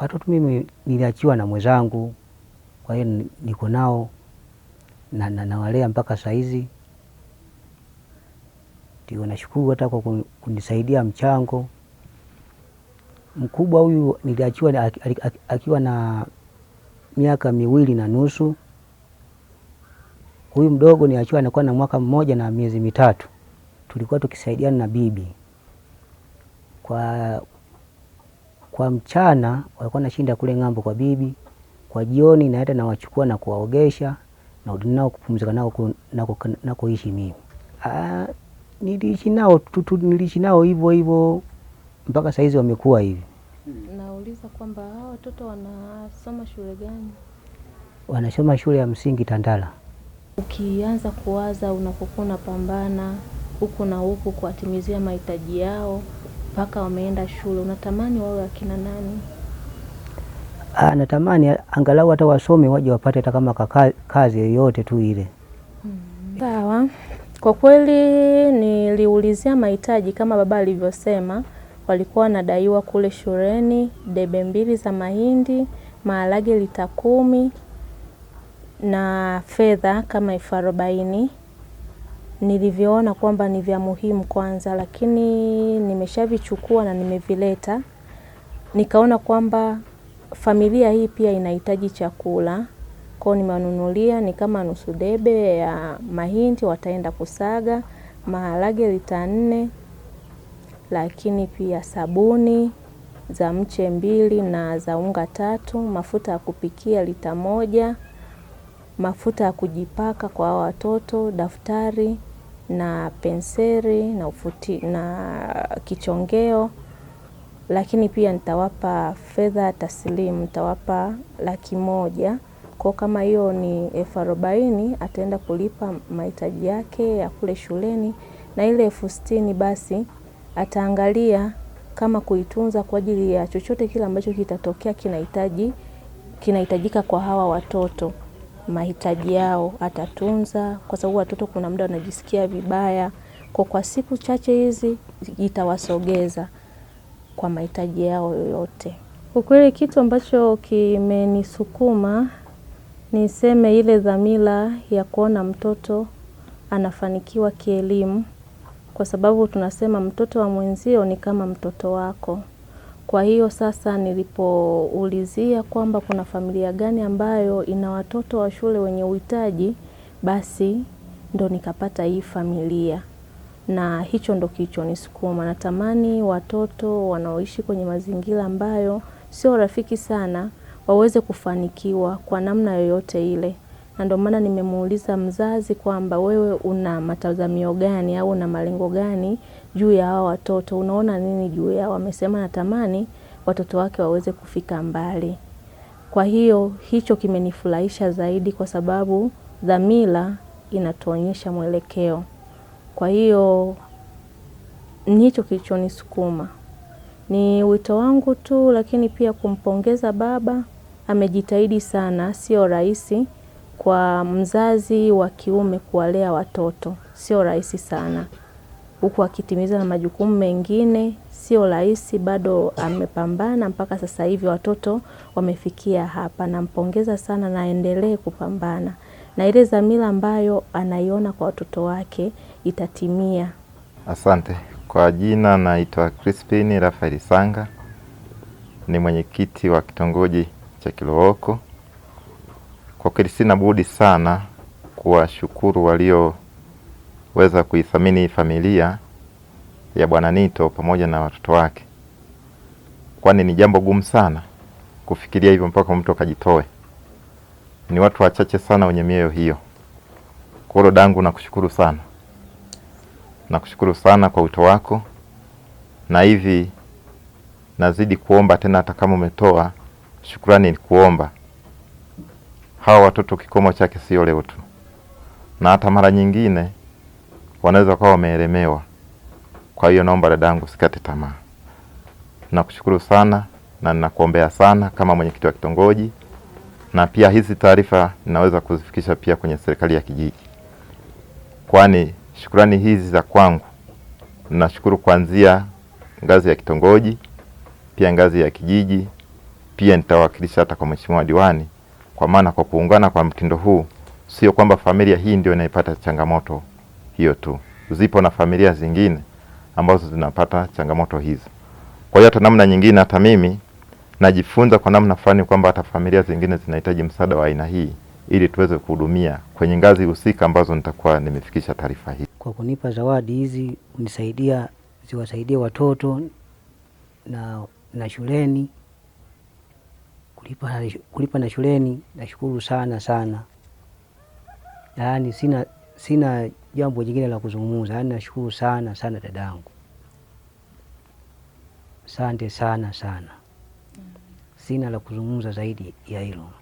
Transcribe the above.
Watoto mimi niliachiwa na mwenzangu, kwa hiyo niko nao na nawalea mpaka hizi, Ndio nashukuru hata kwa kunisaidia mchango mkubwa. Huyu niliachiwa akiwa na miaka miwili na nusu, huyu mdogo niliachiwa anakuwa na mwaka mmoja na miezi mitatu. Tulikuwa tukisaidiana na bibi kwa kwa mchana walikuwa nashinda kule ng'ambo kwa bibi, kwa jioni naenda nawachukua na kuwaogesha narudi nao kupumzika nao nakoishi mimi. Ah, niliishi nao tutu, niliishi nao hivyo hivyo mpaka saizi wamekuwa hivi. Nauliza kwamba hao watoto wanasoma shule gani? Wanasoma shule ya msingi Tandala. Ukianza kuwaza unapokuwa unapambana huku na huku kuwatimizia mahitaji yao, mpaka wameenda shule, unatamani wawe akina nani? Ah, natamani angalau hata wasome waje wapate hata kama kazi yoyote tu ile. Hmm, sawa. Kwa kweli niliulizia mahitaji kama baba alivyosema, walikuwa wanadaiwa kule shuleni debe mbili za mahindi, maharage lita kumi na fedha kama elfu arobaini nilivyoona kwamba ni vya muhimu kwanza, lakini nimeshavichukua na nimevileta, nikaona kwamba familia hii pia inahitaji chakula kwao, nimewanunulia ni kama nusu debe ya mahindi wataenda kusaga, maharage lita nne, lakini pia sabuni za mche mbili na za unga tatu, mafuta ya kupikia lita moja, mafuta ya kujipaka kwa watoto, daftari na penseli na ufuti, na kichongeo, lakini pia nitawapa fedha taslimu, nitawapa laki moja kwa kama hiyo ni elfu arobaini ataenda kulipa mahitaji yake ya kule shuleni, na ile elfu sitini basi ataangalia kama kuitunza kwa ajili ya chochote kile ambacho kitatokea kinahitaji kinahitajika kwa hawa watoto mahitaji yao, atatunza, kwa sababu watoto kuna muda wanajisikia vibaya, kwa kwa siku chache hizi itawasogeza kwa mahitaji yao yoyote. Ukweli kitu ambacho kimenisukuma niseme ile dhamira ya kuona mtoto anafanikiwa kielimu, kwa sababu tunasema mtoto wa mwenzio ni kama mtoto wako. Kwa hiyo sasa nilipoulizia kwamba kuna familia gani ambayo ina watoto wa shule wenye uhitaji, basi ndo nikapata hii familia, na hicho ndo kilichonisukuma. Natamani watoto wanaoishi kwenye mazingira ambayo sio rafiki sana waweze kufanikiwa kwa namna yoyote ile na ndio maana nimemuuliza mzazi kwamba wewe una matazamio gani au una malengo gani juu ya hawa watoto, unaona nini juu yao? Amesema natamani watoto wake waweze kufika mbali. Kwa hiyo hicho kimenifurahisha zaidi, kwa sababu dhamira inatuonyesha mwelekeo. Kwa hiyo ni hicho kilichonisukuma, ni wito wangu tu, lakini pia kumpongeza baba, amejitahidi sana, sio rahisi kwa mzazi wa kiume kuwalea watoto sio rahisi sana, huku akitimiza na majukumu mengine sio rahisi. Bado amepambana mpaka sasa hivi watoto wamefikia hapa. Nampongeza sana na kupambana na ile dhamira ambayo anaiona kwa watoto wake itatimia. Asante. Kwa jina naitwa Crispin Rafael Sanga, ni mwenyekiti wa kitongoji cha Kilooko. Kwa kweli sina budi sana kuwashukuru walioweza kuithamini familia ya Bwana Nito pamoja na watoto wake, kwani ni jambo gumu sana kufikiria hivyo mpaka mtu akajitoe. Ni watu wachache sana wenye mioyo hiyo. Kwa hiyo dadangu, nakushukuru sana, nakushukuru sana kwa wito wako, na hivi nazidi kuomba tena, hata kama umetoa shukrani, ni kuomba hawa watoto kikomo chake sio leo tu, na hata mara nyingine wanaweza kuwa wameelemewa. Kwa hiyo naomba dadangu, sikate tamaa. Nakushukuru sana na ninakuombea sana kama mwenyekiti wa kitongoji, na pia hizi taarifa ninaweza kuzifikisha pia kwenye serikali ya kijiji, kwani shukurani hizi za kwangu nashukuru kuanzia ngazi ya kitongoji, pia ngazi ya kijiji, pia nitawakilisha hata kwa mheshimiwa diwani. Kwa maana kwa kuungana kwa mtindo huu, sio kwamba familia hii ndio inaipata changamoto hiyo tu, zipo na familia zingine ambazo zinapata changamoto hizo Kwa hiyo hata namna nyingine, hata mimi najifunza kwa namna fulani kwamba hata familia zingine zinahitaji msaada wa aina hii ili tuweze kuhudumia kwenye ngazi husika ambazo nitakuwa nimefikisha taarifa hii. Kwa kunipa zawadi hizi unisaidia ziwasaidie watoto na, na shuleni kulipa, kulipa na shuleni nashukuru sana sana, yaani sina sina jambo jingine la kuzungumza, yaani nashukuru sana sana dadangu, asante sana sana, sina la kuzungumza zaidi ya hilo.